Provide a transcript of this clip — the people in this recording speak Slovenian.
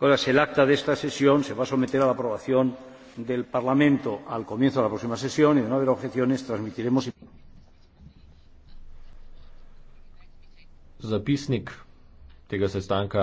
el acta de esta sesión se va a someter a la aprobación del parlamento al comienzo de la próxima sesión y de no haber objeciones transmitiremos